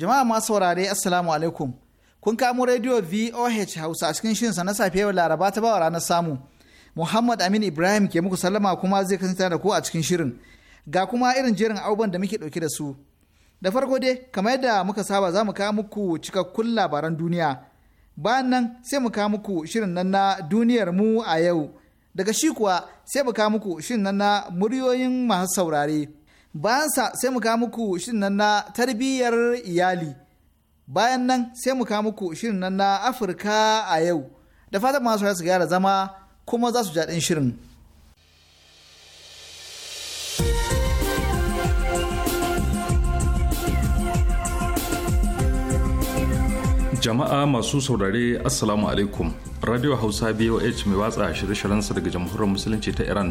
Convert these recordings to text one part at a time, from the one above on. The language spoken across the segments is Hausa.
Jama'a masu saurare Assalamu alaikum. Kun kamo rediyo VOH Hausa a cikin shinsa na safe yau Laraba ta bawa ranar samu. Muhammad Amin Ibrahim ke muku sallama kuma zai kasance da ku a cikin shirin. Ga kuma irin jerin abubuwan da muke ɗauke da su. Da farko dai, kamar yadda muka saba za mu kawo muku cikakkun labaran duniya. Bayan nan sai mu kawo muku shirin nan na duniyar mu a yau. Daga shi kuwa sai mu kawo muku shirin nan na muryoyin masu saurare. bayan sa sai muka muku shirin nan na tarbiyyar iyali bayan nan sai mu ka muku shirin nan na afirka a yau da fatan masu su gyara zama kuma za su jaɗin shirin jama'a masu saurare assalamu alaikum radio hausa boh mai watsa shirye-shiryensa daga jamhuriyar musulunci ta iran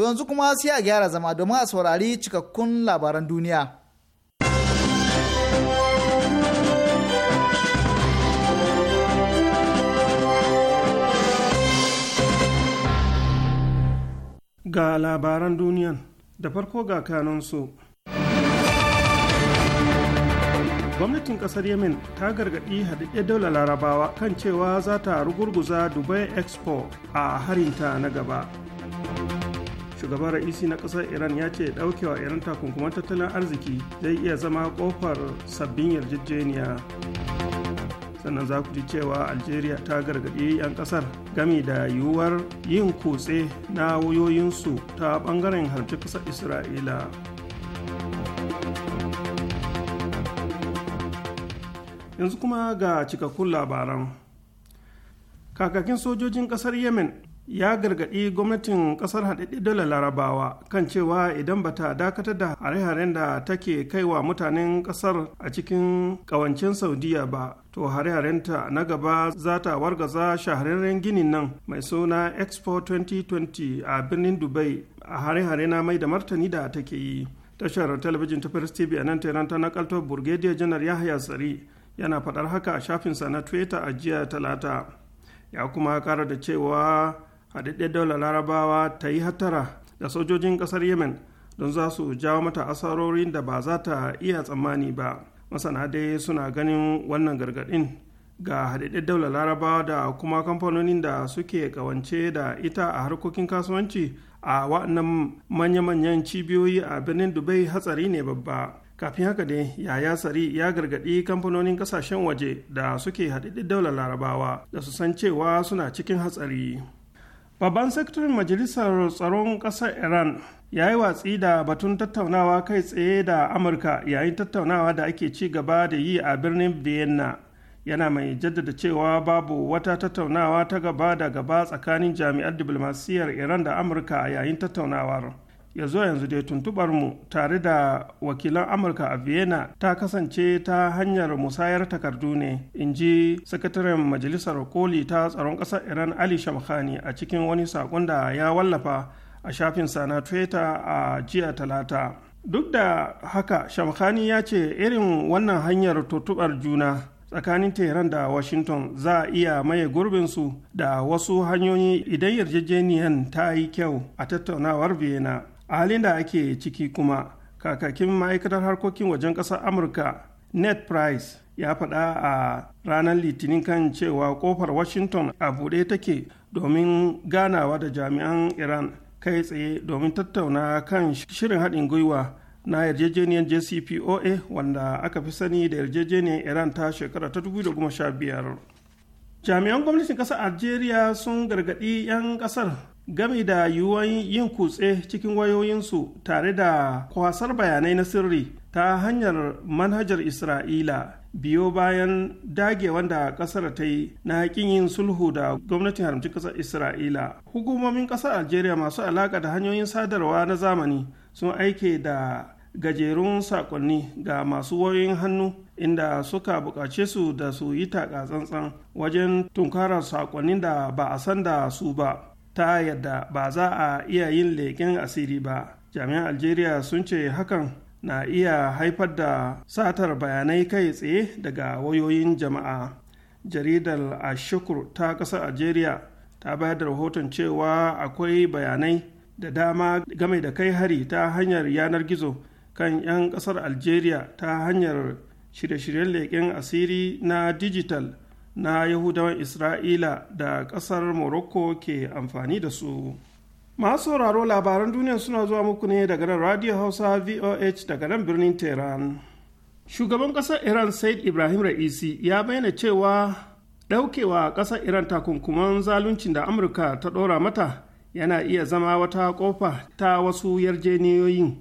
To yanzu kuma sai a gyara zama domin a saurari cikakkun labaran duniya. Ga labaran duniyan da farko ga kanunsu. gwamnatin kasar yemen ta gargaɗi haɗaɗɗen daula larabawa kan cewa za ta rugurguza dubai expo a harinta na gaba shugaban ra'isi na kasar iran ya ce ɗaukewa iran takunkuman tattalin arziki zai iya zama kofar sabbin yarjejeniya sannan za ku ji cewa algeria ta gargaɗi 'yan ƙasar gami da yiwuwar yin kutse na wayoyinsu ta bangaren harci ƙasar isra'ila yanzu kuma ga cikakkun labaran kakakin sojojin ƙasar yemen ya gargaɗi gwamnatin ƙasar haɗaɗɗe dole larabawa kan cewa idan ba ta dakatar da hare-haren da take kaiwa mutanen ƙasar a cikin ƙawancin saudiya ba to hare haren ta na gaba za ta wargaza shahararren ginin nan mai suna expo 2020 a birnin dubai a hare-hare na mai da martani da take yi tashar talabijin ta first tv a nan tehran ta nakalto burgediya janar yahaya tsari yana faɗar haka a shafinsa na twitter a jiya talata ya kuma kara da cewa haɗaɗɗiyar daular larabawa ta yi hatara da sojojin ƙasar yemen don za su jawo mata asarorin da ba za ta iya tsammani ba masana dai suna ganin wannan gargaɗin ga haɗaɗɗiyar daula larabawa da kuma kamfanonin da suke ƙawance da ita a harkokin kasuwanci a waɗannan manya-manyan cibiyoyi a birnin dubai hatsari ne babba kafin haka ne yaya tsari ya gargaɗi kamfanonin kasashen waje da suke haɗaɗɗen daular larabawa da su san cewa suna cikin hatsari babban sakataren majalisar tsaron ƙasar iran ya yi watsi da batun tattaunawa kai tsaye da amurka yayin tattaunawa da ake ci gaba da yi a birnin vienna yana mai jaddada cewa babu wata tattaunawa ta gaba da gaba tsakanin jami'ar diplomasiyyar iran da amurka yayin tattaunawar ya zo yanzu dai tuntubar mu tare da wakilan amurka a vienna ta kasance ta hanyar musayar takardu ne in ji sakataren majalisar koli ta tsaron ƙasar iran ali shamkhani a cikin wani saƙon da ya wallafa a shafinsa na twitter a jiya talata duk da haka shamkhani ya ce irin wannan hanyar tuntubar juna tsakanin Tehran da Washington za a iya maye gurbinsu da wasu hanyoyi idan yarjejeniyar ta yi kyau a tattaunawar Vienna. a halin da ake ciki kuma kakakin ma'aikatar harkokin wajen ƙasar amurka net price ya faɗa a ranar litinin kan cewa kofar washington a buɗe take domin ganawa da jami'an iran kai tsaye domin tattauna kan shirin haɗin gwiwa na yarjejeniyar jcpoa wanda aka fi sani da yarjejeniyar iran ta shekara ta 2015 jami'an gwamnatin ƙasar algeria sun gargaɗi 'yan ƙasar game da yiwuwan yin kutse cikin wayoyinsu tare da kwasar bayanai na sirri ta hanyar manhajar isra'ila biyo bayan dage wanda kasar ta yi na haƙin yin sulhu da gwamnatin haramcin kasar isra'ila hukumomin ƙasar algeria masu alaƙa da hanyoyin sadarwa na zamani sun aike da gajerun saƙonni ga masu wayoyin hannu inda suka buƙace su da su yi taƙa tsantsan wajen tunkarar saƙonnin da ba a san da su ba ta yadda ba za a iya yin leƙen asiri ba jami'an algeria sun ce hakan na iya haifar da satar bayanai kai tsaye daga wayoyin jama'a jaridar ashukur ta ƙasar algeria ta bayar da rahoton cewa akwai bayanai da dama game da kai hari ta hanyar yanar gizo kan 'yan ƙasar algeria ta hanyar shirye-shiryen leƙen asiri na digital na yahudawan isra'ila da ƙasar morocco ke amfani da su masu sauraro labaran duniya suna zuwa muku ne daga nan radio hausa voh daga nan birnin tehran shugaban ƙasar iran said ibrahim ra'isi ya bayyana cewa ɗaukewa ƙasar iran takunkuman zaluncin da amurka ta ɗora mata yana iya zama wata ƙofa ta wasu yarjeniyoyin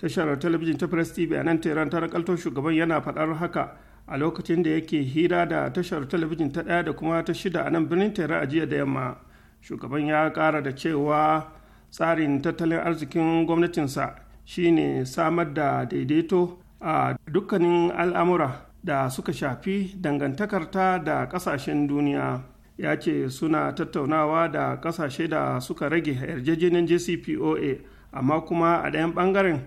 tashar talabijin ta press tv a nan tehran ta rakalto shugaban yana faɗar haka a lokacin da yake hira da tashar talabijin ta ɗaya da kuma ta shida a nan birnin tare a jiya da yamma shugaban ya ƙara da cewa tsarin tattalin arzikin gwamnatinsa shine samar da daidaito a dukkanin al'amura da suka shafi dangantakarta da ƙasashen duniya ya ce suna tattaunawa da ƙasashe da suka rage yarjejeniyar jcpoa amma kuma a ɗayan ɓangaren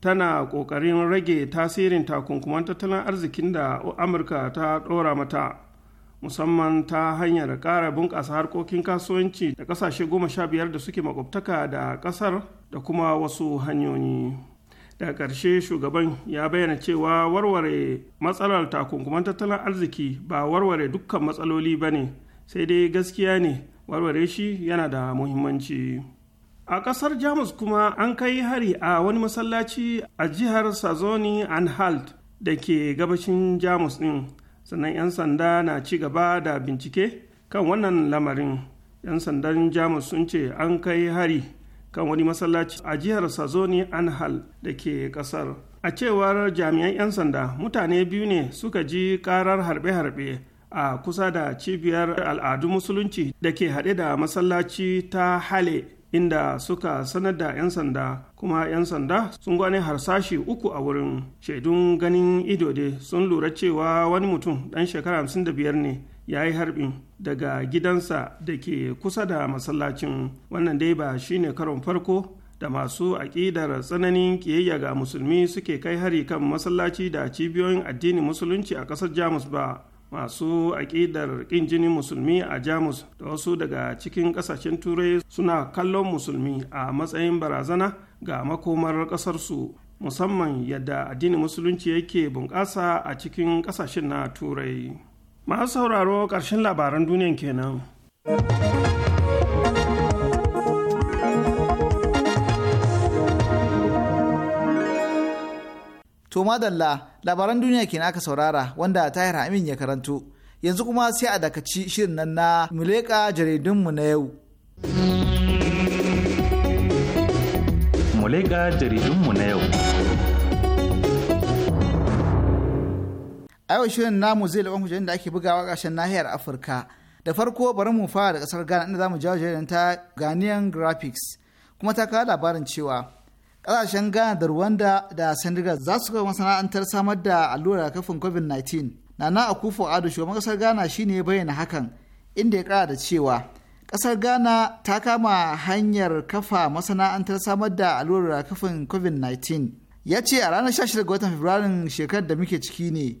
tana ƙoƙarin rage tasirin takunkuman tattalin arzikin da amurka ta ɗora mata musamman ta hanyar ƙara bunƙasa harkokin kasuwanci da ƙasashe goma sha biyar da suke makwabtaka da ƙasar da kuma wasu hanyoyi daga ƙarshe shugaban ya bayyana cewa warware matsalar takunkuman tattalin arziki ba warware dukkan matsaloli ba ne sai dai gaskiya ne warware shi yana da muhimmanci. a kasar jamus kuma an kai hari a wani masallaci a jihar sazoni anhalt da ke gabashin jamus din sannan 'yan sanda na ci gaba da bincike kan wannan lamarin 'yan sandan jamus sun ce an kai hari kan wani masallaci a jihar sazoni anhal da ke kasar a cewar jami'an 'yan sanda mutane biyu ne suka ji karar harbe-harbe a kusa da cibiyar al'adu musulunci da ke haɗe da masallaci ta hale inda suka sanar da 'yan sanda kuma 'yan sanda sun gwani harsashi uku a wurin shaidun ganin ido dai sun lura cewa wani mutum dan shekara biyar ne ya yi harbin daga gidansa da ke kusa da masallacin wannan dai ba shine karon farko da masu aƙidar tsananin ƙiyayya ga musulmi suke kai hari kan masallaci da cibiyoyin addinin musulunci a ƙasar jamus ba masu aƙidar ƙin jinin musulmi a jamus da wasu daga cikin ƙasashen turai suna kallon musulmi a matsayin barazana ga makomar ƙasarsu musamman yadda addinin musulunci yake bunƙasa a cikin ƙasashen na turai masu sauraro ƙarshen labaran duniyan kenan. To madalla labaran duniya ke aka saurara wanda tahir Amin ya karanto. Yanzu kuma sai a dakaci shirin nan na Muleka jaridunmu na yau. Muleka jaridunmu na yau. Ayo shirin namu zai laban hujjarin da ake bugawa ƙarshen nahiyar Afirka. Da farko bari mu fara da ƙasar Ghana inda za mu jawo jaridar ta Ghanaian Graphics. Kuma ta kawo labarin cewa kasashen ghana da rwanda da senegal za su ga masana'antar samar da allurar kafin covid-19 nana akufo ado shugaban kasar ghana shine bayyana hakan inda ya kara da cewa kasar ghana ta kama hanyar kafa masana'antar samar da allurar kafin covid-19 ya ce a ranar 16 ga watan fabrairun shekarar da muke ciki ne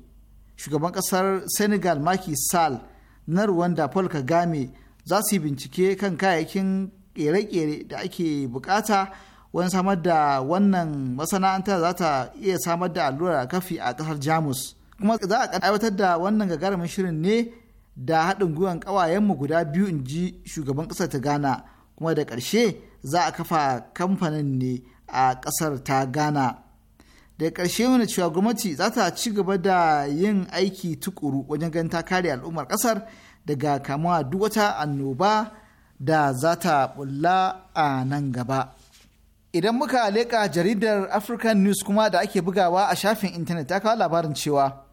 shugaban kasar senegal maki sal na rwanda paul kagame za su yi bincike kan kayayyakin kere-kere da ake bukata wani samar da wannan masana'anta za ta iya samar da allurar kafi a kasar jamus kuma za a aiwatar da wannan gagarumin shirin ne da haɗin gwiwan ƙawayenmu guda biyu in ji shugaban ƙasar ta ghana kuma da ƙarshe za a kafa kamfanin ne a ƙasar ta ghana da ƙarshe wani cewa gwamnati za ta ci gaba da yin aiki tukuru wajen ganin ta kare al'ummar ƙasar daga kamuwa duk wata annoba da za ta bulla a nan gaba. Idan muka leƙa jaridar African News kuma da ake bugawa a shafin intanet ta kawo labarin cewa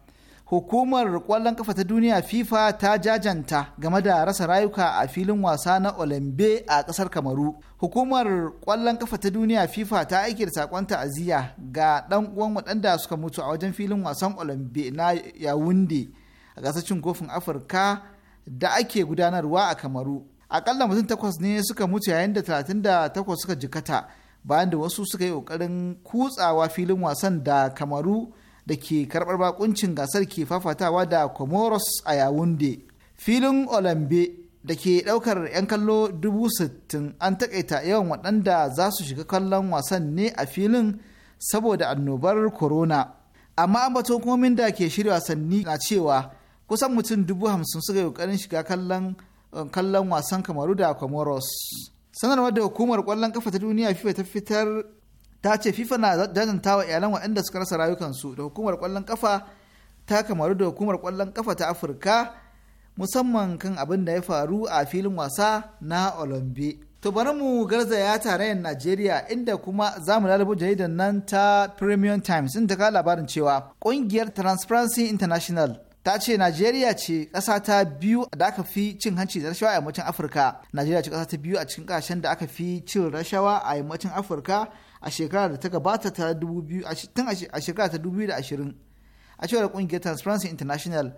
hukumar ƙwallon kafa ta duniya FIFA ta jajanta game da rasa rayuka a filin wasa na Olambe a ƙasar Kamaru. Hukumar ƙwallon kafa ta duniya FIFA ta aiki da saƙon ta'aziyya ga ɗan uwan waɗanda suka mutu a wajen filin wasan Olambe na Yawunde a gasashen kofin Afirka da ake gudanarwa a Kamaru. Akalla mutum takwas ne suka mutu yayin da 38 suka jikata. bayan da wasu suka yi kokarin kutsawa filin wasan da kamaru da ke karbar bakuncin gasar ke fafatawa da comoros a yawunde filin olambe da ke daukar 'yan kallo 60,000 an takaita yawan waɗanda za su shiga kallon wasan ne a filin saboda annobar corona amma ambaton hukumomin da ke shirya wasanni na cewa kusan mutum dubu suka yi kokarin shiga kallon kallon wasan kamaru da comoros sanarwar da hukumar kwallon kafa ta duniya fifa ta fitar ta ce fifa na jajanta wa iyalan waɗanda suka rasa rayukansu da hukumar kwallon kafa ta kamaru da hukumar kwallon kafa ta afirka musamman kan abin da ya faru a filin wasa na olombe to bari mu garzaya tarayyar najeriya inda kuma za mu lalabo jaridar nan ta premium times inda ka labarin cewa ƙungiyar transparency international ta ce Najeriya ce ƙasa ta biyu da aka fi cin hanci da rashawa a yammacin Afirka. Najeriya ce ƙasa ta biyu a cikin ƙasashen da aka fi cin rashawa a yammacin Afirka a shekarar da ta gabata ta tun a shekara ta 2020. A cewar ƙungiyar Transparency International,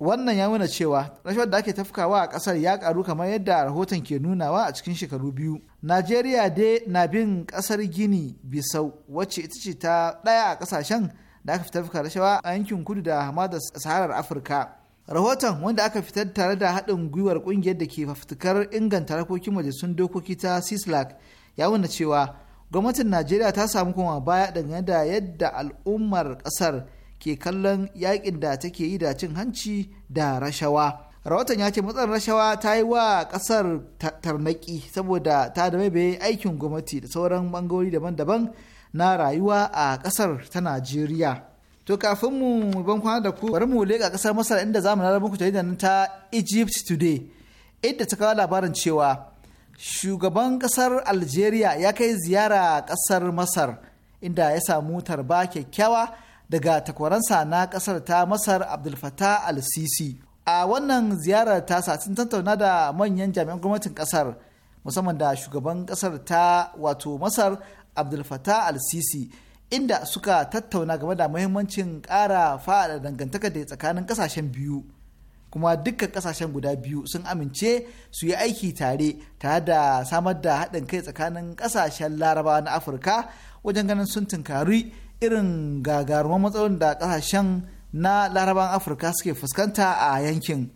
wannan ya nuna cewa rashawar da ake tafkawa a ƙasar ya ƙaru kamar yadda rahoton ke nunawa a cikin shekaru biyu. Najeriya dai na bin ƙasar Gini Bisau wacce ita ce ta ɗaya a ƙasashen da aka fitar fuka rashawa a yankin kudu da hamadar saharar afirka rahoton wanda aka fitar tare da haɗin gwiwar ƙungiyar da ke fafutukar inganta harkokin majalisun dokoki ta sislak ya wuna cewa gwamnatin najeriya ta samu koma baya dangane da yadda al'ummar ƙasar ke kallon yakin da take yi da cin hanci da rashawa rahoton ya ce matsalar rashawa ta yi wa ƙasar tarnaki saboda ta da aikin gwamnati da sauran bangarori daban-daban na rayuwa a ƙasar ta Najeriya. To kafin mu ban kwana da ku bari mu leƙa ƙasar Masar inda zamu na da jaridar ta Egypt Today inda ta kawo labarin cewa shugaban ƙasar Algeria ya kai ziyara ƙasar Masar inda ya samu tarba kyakkyawa daga takwaransa na kasar ta Masar Abdul Fattah al-Sisi. A wannan ziyarar tasa sun tattauna da manyan jami'an gwamnatin ƙasar. musamman da shugaban ƙasar ta wato Masar abdul fattah al-sisi inda suka tattauna game da muhimmancin ƙara faɗa dangantaka da tsakanin ƙasashen biyu kuma dukkan ƙasashen guda biyu sun amince su yi aiki tare tare da samar da haɗin kai tsakanin ƙasashen laraba na afirka wajen ganin sun tunkari irin gagaruman matsalolin da ƙasashen na laraban afirka suke fuskanta a yankin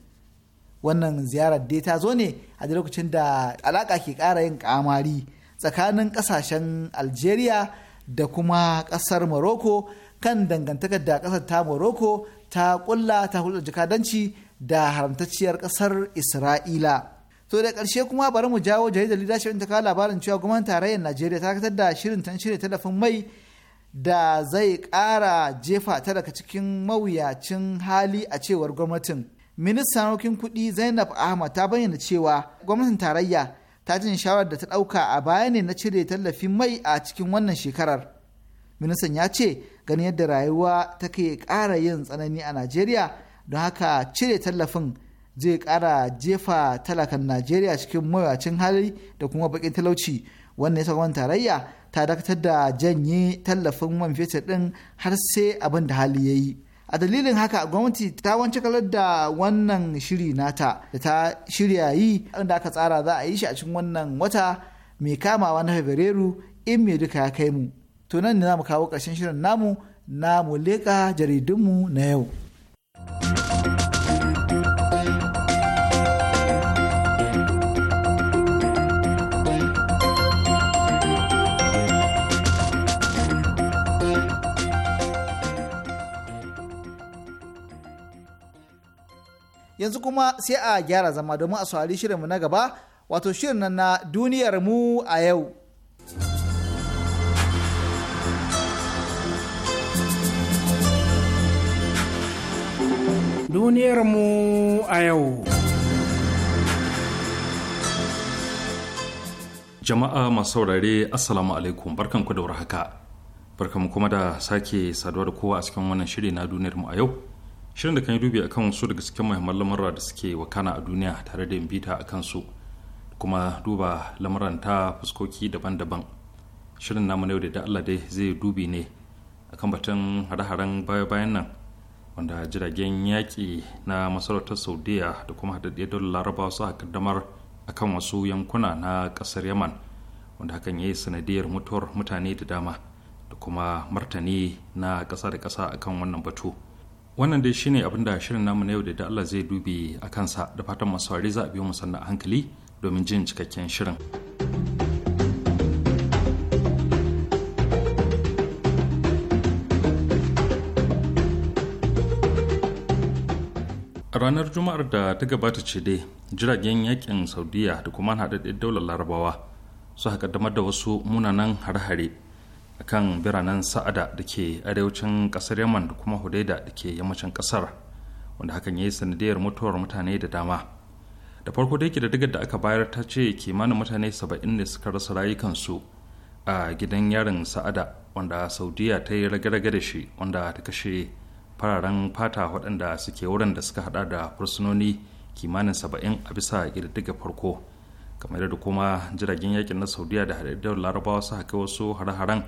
wannan ziyarar dai ta zo ne a lokacin da alaƙa ke ƙara yin ƙamari tsakanin kasashen algeria da kuma kasar morocco kan dangantakar da kasar ta morocco ta kulla ta hulɗar jakadanci da haramtacciyar kasar isra'ila to da ƙarshe kuma bari mu jawo jaridar leadership ta kawo labarin cewa gwamnatin tarayyar najeriya ta kasar da shirin tan shirya tallafin mai da zai ƙara jefa ta daga cikin mawuyacin hali a cewar gwamnatin ministan harkokin kuɗi zainab ahmad ta bayyana cewa gwamnatin tarayya ta jin shawarar da ta ɗauka a baya ne na cire tallafin mai a cikin wannan shekarar. Ministan ya ce ganin yadda rayuwa ta ke ƙara yin tsanani a Najeriya don haka cire tallafin zai ƙara jefa talakan Najeriya cikin mawacin hali da kuma baƙin talauci. Wannan ya sakon tarayya ta dakatar da janye tallafin man fetur ɗin har sai abin da hali ya yi. a dalilin haka gwamnati ta wance kalar da wannan shiri nata da ta shirya yi da aka tsara za a yi shi a cikin wannan wata mai kamawa na fabrairu in mai duka ya kai mu to nan ne za mu kawo ƙarshen shirin namu na mu leƙa jaridunmu na yau. yanzu kuma sai a gyara zama domin a saurari mu na gaba wato shirin nan na duniyar mu a yau. Duniyar mu a yau. Jama'a masu saurare Assalamu alaikum barkanku da warhaka. Barkanku kuma da sake saduwa da kowa a cikin wannan shiri na duniyar mu a yau. shirin da kan yi dubi akan wasu daga cikin muhimman lamura da suke wakana a duniya tare da bita a kansu kuma duba lamuran ta fuskoki daban-daban shirin namu yau da Allah dai zai dubi ne kan batun hare-haren baya-bayan nan wanda jiragen yaƙi na masarautar saudiya da kuma haɗaɗɗiyar dole larabawa su kaddamar akan wasu yankuna na ƙasar yaman wanda hakan ya yi sanadiyar mutuwar mutane da dama da kuma martani na ƙasa da ƙasa akan wannan batu. wannan dai shine abin da shirin namu na yau da da Allah zai dube a kansa da fatan masu za a biyo mu sannan hankali domin jin cikakken shirin. ranar juma'ar da ta gabata ce dai jiragen yakin saudiya da kuma haɗaɗɗen daular larabawa su haƙaddamar da wasu munanan hare-hare akan biranen sa'ada da ke arewacin kasar yaman da kuma hudaida da ke yammacin kasar wanda hakan ya yi sanadiyar mutuwar mutane da dama da farko da yake da digar da aka bayar ta ce kimanin mutane saba'in ne suka rasa rayukansu a gidan yarin sa'ada wanda saudiya ta yi rage da shi wanda ta kashe fararen fata waɗanda suke wurin da suka hada da fursunoni kimanin saba'in a bisa ƙididdiga farko kamar da kuma jiragen yakin na saudiya da haɗaɗɗiyar larabawa su kai wasu hare-haren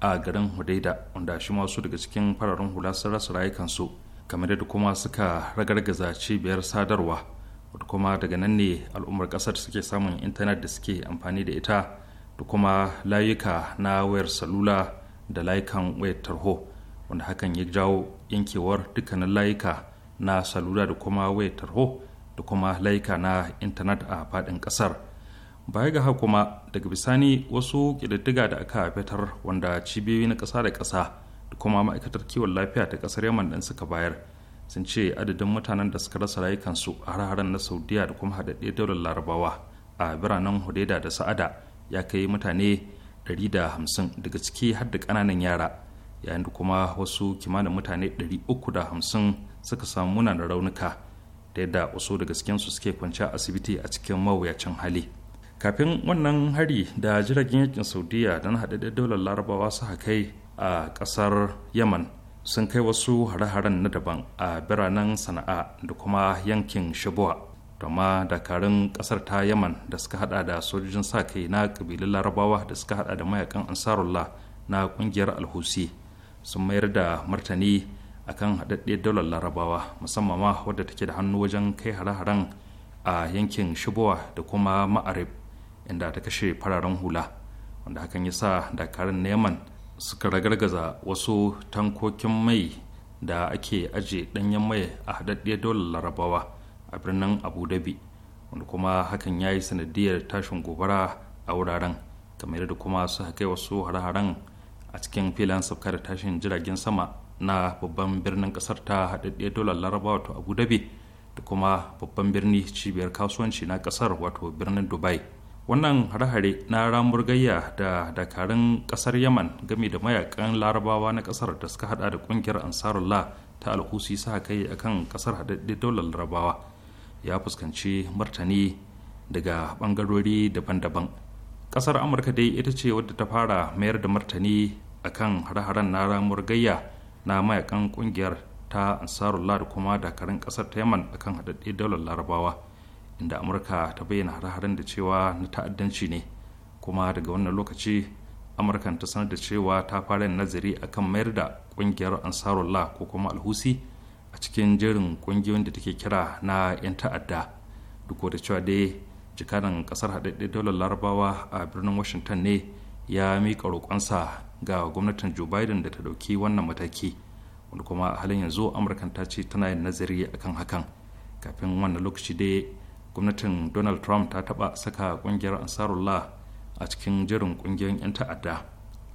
a garin hudaida wanda shi masu daga cikin fararen hula sun rasa rayukansu kamar yadda kuma suka ragargaza cibiyar sadarwa wadda kuma daga nan ne al'ummar kasar suke samun intanet da suke amfani da ita da kuma layuka na wayar salula da layukan wayar tarho wanda hakan ya jawo yankewar dukkanin layuka na salula da kuma wayar tarho da kuma layuka na intanet a faɗin ƙasar baya ga haka kuma daga bisani wasu ƙididdiga da aka fitar wanda cibiyoyi na kasa da kasa da kuma ma'aikatar kiwon lafiya ta ƙasar yaman ɗin suka bayar sun ce adadin mutanen da suka rasa rayukansu a har-haren na saudiya da kuma haɗaɗɗe daular larabawa a biranen hudaida da sa'ada ya kai mutane 150 daga ciki har da kananan yara yayin da kuma wasu kimanin mutane 350 suka samu munanan raunuka da yadda wasu daga cikinsu suke kwanciya asibiti a cikin mawuyacin hali kafin wannan hari da jiragen yakin saudiya da na haɗaɗɗen daular larabawa su kai a ƙasar yaman sun kai wasu hare-haren na daban a biranen sana'a da kuma yankin shibuwa da ma dakarun ƙasar ta yaman da suka haɗa da sojojin sa kai na ƙabilun larabawa da suka haɗa da mayakan ansarullah na ƙungiyar alhusi sun mayar da martani a akan haɗaɗɗen daular larabawa musamman ma wadda take da hannu wajen kai hare-haren a yankin shibuwa da kuma ma'arib inda ta kashe fararen hula wanda hakan ya sa dakarun neman suka ragargaza wasu tankokin mai da ake aje danyen mai a haɗaɗɗiyar daular larabawa a birnin abu dhabi wanda kuma hakan ya yi sanadiyar tashin gobara a wuraren kamar da kuma su kai wasu hare-haren a cikin filan sabka da tashin jiragen sama na babban birnin kasar ta haɗaɗɗiyar dolar larabawa to abu dhabi da kuma babban birni cibiyar kasuwanci na kasar wato birnin dubai wannan hare-hare na ramur gayya da dakarun kasar yaman game da mayakan larabawa na kasar da suka hada da kungiyar ansarullah ta alhusi sa kai akan kasar haɗaɗɗe daular larabawa ya fuskanci martani daga bangarori daban-daban kasar amurka dai ita ce wadda ta fara mayar da martani akan hare-haren na ramur gayya na mayakan kungiyar ta ansarullah da kuma dakarun kasar ta yaman akan haɗaɗɗe daular larabawa inda amurka ta bayyana hare-haren da cewa na ta'addanci ne kuma daga wannan lokaci amurkan ta sanar da cewa ta fara nazari a kan mayar da kungiyar ansarullah ko kuma alhusi a cikin jerin kungiyoyin da take kira na 'yan ta'adda duk da cewa dai jikadan kasar haɗaɗɗen daular larabawa a birnin washington ne ya mika roƙonsa ga gwamnatin joe biden da ta ɗauki wannan mataki wanda kuma a halin yanzu amurkan ta ce tana yin nazari akan hakan kafin wannan lokaci dai gwamnatin donald trump ta taba saka kungiyar ansarullah a cikin jirin ƙungiyoyin 'yan ta'adda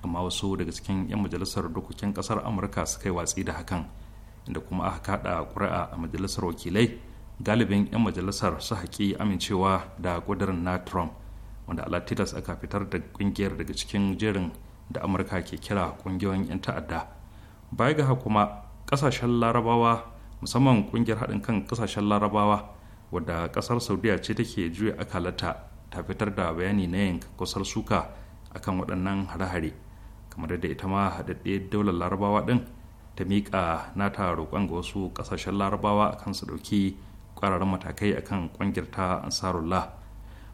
amma wasu daga cikin 'yan majalisar dokokin kasar amurka suka yi watsi da hakan inda kuma aka kada kuri'a a majalisar wakilai galibin 'yan majalisar su haƙi amincewa da ƙudurin na trump wanda alatilas aka fitar da kungiyar daga cikin jerin da amurka ke kira ƙungiyoyin 'yan ta'adda baya ga kuma ƙasashen larabawa musamman ƙungiyar haɗin kan ƙasashen larabawa wadda kasar saudiya ce take juya akalata ta fitar da bayani na yin kusar suka akan waɗannan hare-hare kamar da ita ma haɗaɗɗe daular larabawa ɗin ta miƙa nata roƙon ga wasu ƙasashen larabawa akan su ɗauki ƙwararren matakai akan ƙungiyar ta ansarullah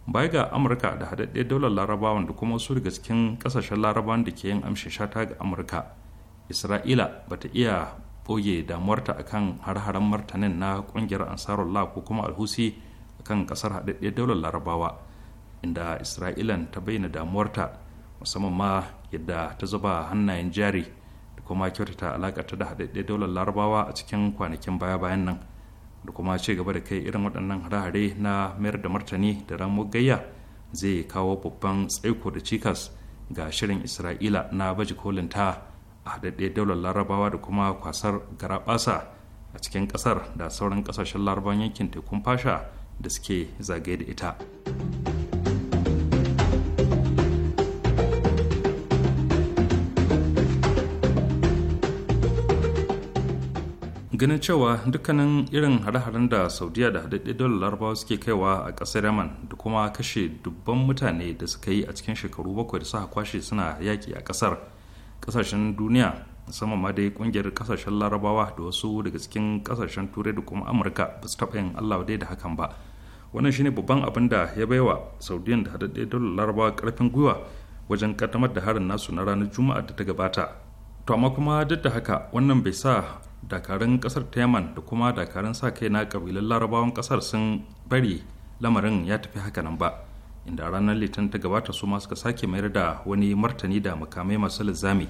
baya ga amurka da haɗaɗɗe daular larabawan da kuma wasu daga cikin ƙasashen larabawan da ke yin amshin shata ga amurka isra'ila bata iya ɓoye damuwarta akan har-haren martanin na ƙungiyar ansarullah ko kuma alhusi akan ƙasar haɗaɗɗiyar daular larabawa inda isra'ilan ta bayyana damuwarta musamman ma yadda ta zuba hannayen jari da kuma kyautata ta da haɗaɗɗiyar daular larabawa a cikin kwanakin baya-bayan nan da kuma ci gaba da kai irin waɗannan hare-hare na mayar da martani da ramuwar gayya zai kawo babban tsaiko da cikas ga shirin isra'ila na baje kolin ta a haɗaɗɗe daular larabawa da kuma kwasar garaɓasa a cikin ƙasar da sauran ƙasashen larabawan yankin tekun fasha da suke zagaye da ita ganin cewa dukkanin irin hare-haren da saudiya da haɗaɗɗe dole larabawa suke kaiwa a ƙasar yaman da kuma kashe dubban mutane da suka yi a cikin shekaru bakwai da suka kwashe suna yaƙi a ƙasar kasashen duniya sama ma dai kungiyar kasashen larabawa da wasu daga cikin kasashen turai da kuma amurka ba su taɓa yin allah dai da hakan ba wannan shine babban abin da ya baiwa saudiyan da haɗaɗɗe daular larabawa ƙarfin gwiwa wajen kaddamar da harin nasu na ranar juma'a da ta gabata to amma kuma duk da haka wannan bai sa dakarun kasar yaman da kuma dakarun sa kai na kabilan larabawan ƙasar sun bari lamarin ya tafi hakanan ba inda ranar litinin ta gabata su ma suka sake mayar da wani martani da makamai masu linzami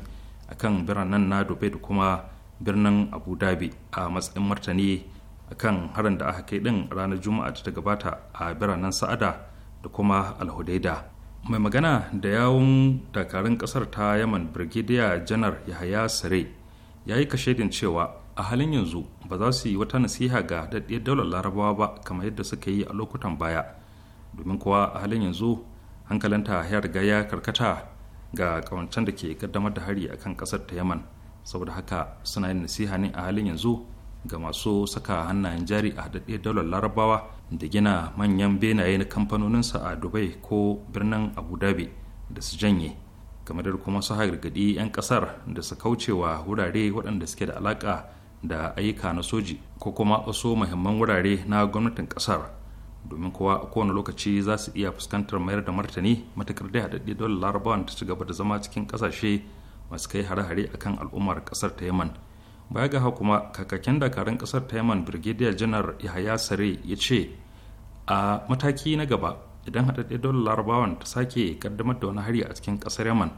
akan biranen na dubai da kuma birnin abu dhabi a matsayin martani kan harin da aka kai din ranar juma'a ta gabata a biranen sa'ada da kuma alhudaida mai magana da yawun dakarun kasar ta yaman birgidiya janar yahaya sare ya yi kashedin cewa a halin yanzu ba za su yi wata nasiha ga daɗe daular larabawa ba kamar yadda suka yi a lokutan baya domin kuwa a halin yanzu hankalinta ya riga ya karkata ga kawancan da ke kaddamar da hari akan kasar ta yaman saboda haka suna yin nasiha ne a halin yanzu ga masu saka hannayen jari a haɗaɗɗe dalar larabawa da gina manyan benaye na kamfanoninsa a dubai ko birnin abu dhabi da su janye game da kuma su gargaɗi 'yan ƙasar da su kaucewa wurare waɗanda suke da alaƙa da ayyuka na soji ko kuma wasu muhimman wurare na gwamnatin ƙasar domin kowa a kowane lokaci za su iya fuskantar mayar da martani matakar da haɗaɗɗe dole larabawan ta ci gaba da zama cikin ƙasashe masu kai hare-hare akan al'ummar ƙasar ta yaman baya ga kuma kakakin dakarun ƙasar ta yaman brigadier janar yahaya sare ya ce a mataki na gaba idan haɗaɗɗe don larabawan ta sake kaddamar da wani hari a cikin ƙasar yaman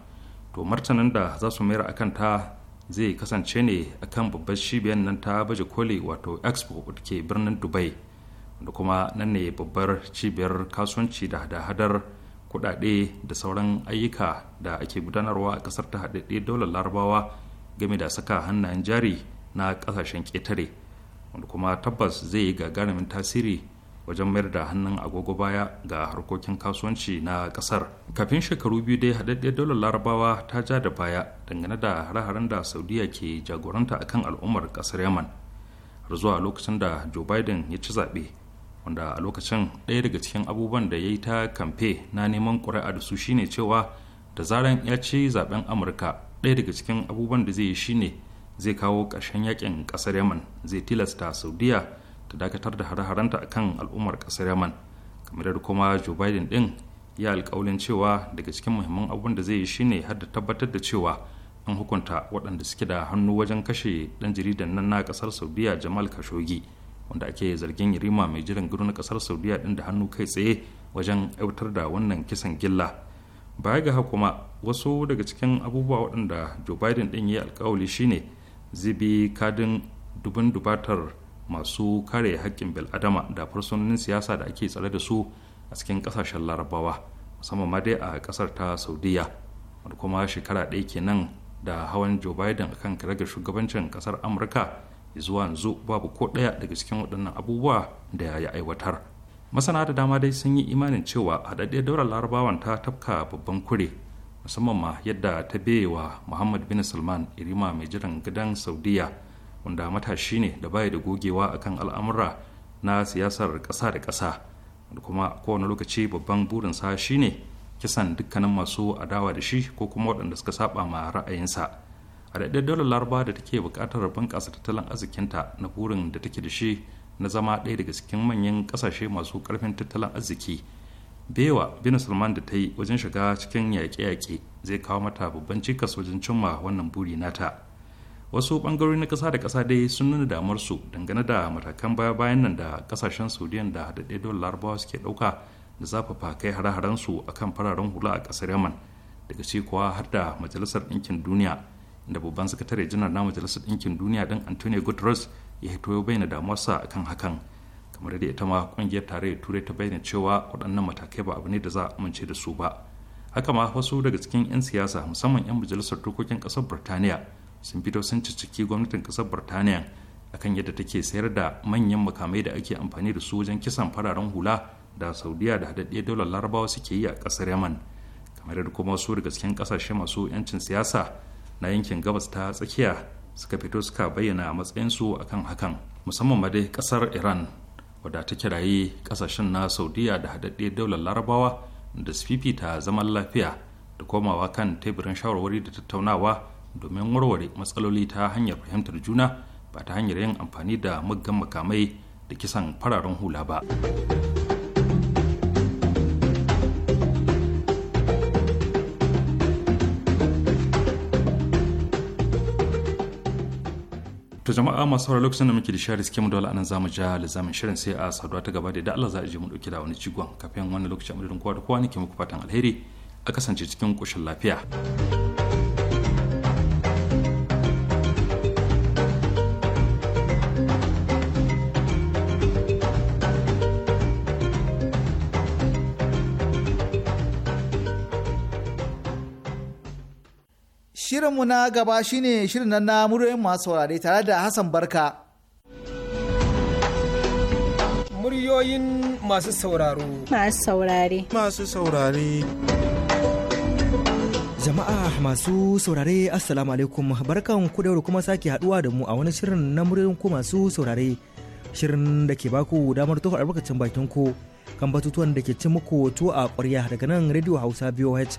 to martanin da za su mayar akan ta zai kasance ne akan babbar cibiyar nan ta baje koli wato expo da ke birnin dubai da kuma nan ne babbar cibiyar kasuwanci da hada-hadar kudade da sauran ayyuka da ake gudanarwa a kasar ta haɗaɗɗe daular larabawa game da saka hannayen jari na ƙasashen ƙetare wanda kuma tabbas zai yi gagarumin tasiri wajen mayar da hannun agogo baya ga harkokin kasuwanci na ƙasar. kafin shekaru biyu dai haɗaɗɗiyar daular larabawa ta ja da baya dangane da hare-haren da saudiya ke jagoranta akan al'ummar ƙasar yaman har zuwa lokacin da joe biden ya ci zaɓe wanda a lokacin ɗaya daga cikin abubuwan da ya yi ta kamfe na neman ƙuri'a da su shine cewa da zaran ya ci zaben amurka ɗaya daga cikin abubuwan da zai yi shine zai kawo ƙarshen yakin ƙasar yaman zai tilasta saudiya ta dakatar da hare-harenta kan al'ummar ƙasar yaman kamar da kuma joe biden ɗin ya alƙawalin cewa daga cikin muhimman abubuwan da zai yi shine har da tabbatar da cewa an hukunta waɗanda suke da hannu wajen kashe ɗan jaridan nan na ƙasar saudiya jamal kashogi. wanda ake zargin yarima mai jiran gado na kasar saudiya din da hannu kai tsaye wajen aiwatar da wannan kisan gilla baya ga kuma wasu daga cikin abubuwa waɗanda joe biden din ya alkawali shine zai bi kadin dubin dubatar masu kare haƙƙin bil'adama da fursunonin siyasa da ake tsare da su a cikin ƙasashen larabawa musamman ma dai a ƙasar ta saudiya wanda kuma shekara ɗaya kenan da hawan joe biden akan ga shugabancin ƙasar amurka zuwa yanzu babu ko ɗaya daga cikin waɗannan abubuwa da ya yi aiwatar masana da dama dai sun yi imanin cewa haɗaɗɗiyar daular larabawan ta tafka babban kure musamman ma yadda ta wa muhammad bin salman irima mai jiran gidan saudiya wanda matashi ne da baya da gogewa akan al'amura na siyasar ƙasa da ƙasa wanda kuma kowane lokaci babban burinsa shine kisan dukkanin masu adawa da shi ko kuma waɗanda suka saba ma ra'ayinsa a haɗaɗɗen dole laraba da take buƙatar bunƙasa tattalin arzikinta na burin da take da shi na zama ɗaya daga cikin manyan ƙasashe masu ƙarfin tattalin arziki bewa bina salman da ta yi wajen shiga cikin yaƙe-yaƙe zai kawo mata babban cikas wajen cimma wannan buri nata wasu ɓangarori na ƙasa da ƙasa dai sun nuna damarsu dangane da matakan baya-bayan nan da ƙasashen saudiyan da haɗaɗɗen daular larabawa suke ɗauka da zafafa kai hare-harensu akan fararen hula a ƙasar yaman daga kuwa har da majalisar ɗinkin duniya da babban sakatare janar na majalisar ɗinkin duniya don antonio guterres ya hito ya bayyana damuwarsa akan hakan kamar da ita ma ƙungiyar tarayyar turai ta bayyana cewa waɗannan matakai ba abu ne da za a amince da su ba haka ma wasu daga cikin 'yan siyasa musamman 'yan majalisar dokokin ƙasar burtaniya sun fito sun ciciki gwamnatin ƙasar burtaniya akan yadda take sayar da manyan makamai da ake amfani da su wajen kisan fararen hula da saudiya da haɗaɗɗiyar daular larabawa suke yi a ƙasar yaman kamar da kuma wasu daga cikin ƙasashe masu 'yancin siyasa na yankin gabas ta tsakiya suka fito suka bayyana matsayinsu akan hakan musamman ma dai kasar iran wadda ta kiraye kasashen na saudiya da haɗaɗɗe daular larabawa da su fifita zaman lafiya da komawa kan teburin shawarwari da tattaunawa domin warware matsaloli ta hanyar fahimtar juna ba ta hanyar yin amfani da muggan makamai da kisan fararen hula ba. to jama'a masu sauraron lokacin da muke da share suke mu dole anan zamu ja lizamin shirin sai a saduwa ta gaba da da Allah za a je mu dauki da wani cigon kafin wannan lokacin amurin kowa da kowa nake muku fatan alheri a kasance cikin koshin lafiya. Shirinmu na gaba shine shirin na muryoyin masu saurare tare da Hassan Barka. Muryoyin masu sauraro. Masu saurare. Masu saurare. Jama'a masu saurare Assalamu alaikum barkan ku da kuma sake haduwa da mu a wani shirin na muryoyin ku masu saurare. Shirin da ke baku damar tofa albarkacin bakin ku kan batutuwan da ke cin muku tuwo a ƙwarya daga nan Radio Hausa BOH.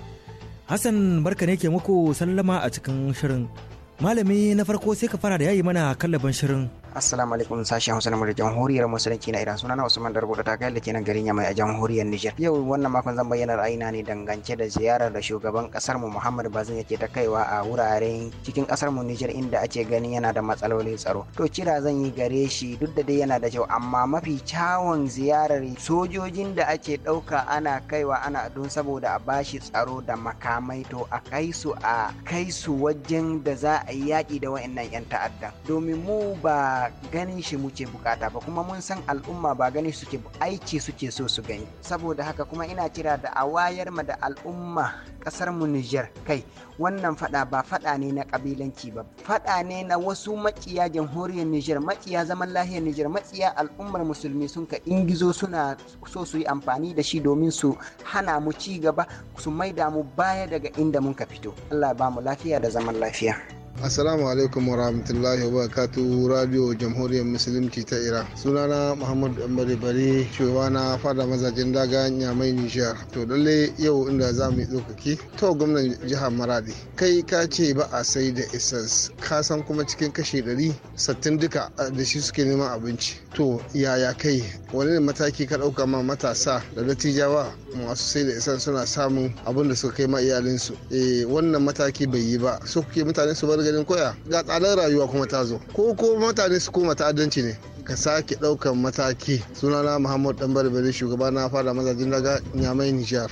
Hassan barka ne ke muku sallama a cikin shirin. Malami na farko sai ka fara da yayi mana kallaban shirin. Assalamu alaikum sashen Hausa na muryar Jamhuriyar Musulunci na Iran sunana Usman Darbo da takayyar da ke nan garin Yamai a Jamhuriyar Nijar. Yau wannan makon zan bayyana ra'ayina ne dangance da ziyarar da shugaban kasar mu Muhammad Bazin yake ta kaiwa a wuraren cikin kasar mu Nijar inda ake ganin yana da matsalolin tsaro. To kira zan yi gare shi duk da dai yana da kyau amma mafi kyawun ziyarar sojojin da ake ɗauka ana kaiwa ana don saboda a bashi tsaro da makamai to a kai su a kai su wajen da za a yi yaƙi da wa'annan 'yan ta'adda. Domin mu ba ba ganin shi muke bukata ba kuma mun san al'umma ba gani suke aiki suke so su gani saboda haka kuma ina kira da a wayar ma da al'umma kasar mu Niger kai wannan fada ba fada ne na kabilanci ba fada ne na wasu makiya jamhuriyar Niger makiya zaman lahiyar Niger makiya al'ummar musulmi sun ka ingizo suna so su yi amfani da shi domin su hana mu ci gaba su maida mu baya daga inda mun ka fito Allah ba mu lafiya da zaman lafiya Asalamu alaikum wa rahmatullahi wa barakatu radio jamhuriyar musulunci ta Iran. Sunana Muhammadu Ambari Bari cewa na fada mazajen daga nyamai Nijar. To lalle yau inda za mu yi tsokaki. To gwamnan jihar Maradi. Kai ka ce ba a sai da isas. Ka san kuma cikin kashe ɗari sattin duka da shi suke neman abinci. To yaya kai wani ne mataki ka ɗauka ma matasa da dattijawa masu sai da isas suna samun abin da suka kai ma iyalinsu. Eh wannan mataki bai yi ba. So kuke mutane su bar ganin koya ga tsadar rayuwa kuma ta zo ko ko mutane su koma ta'addanci ne ka sake ɗaukan mataki sunana muhammad dan barbari shugaba na fara mazajin daga nyamai nijar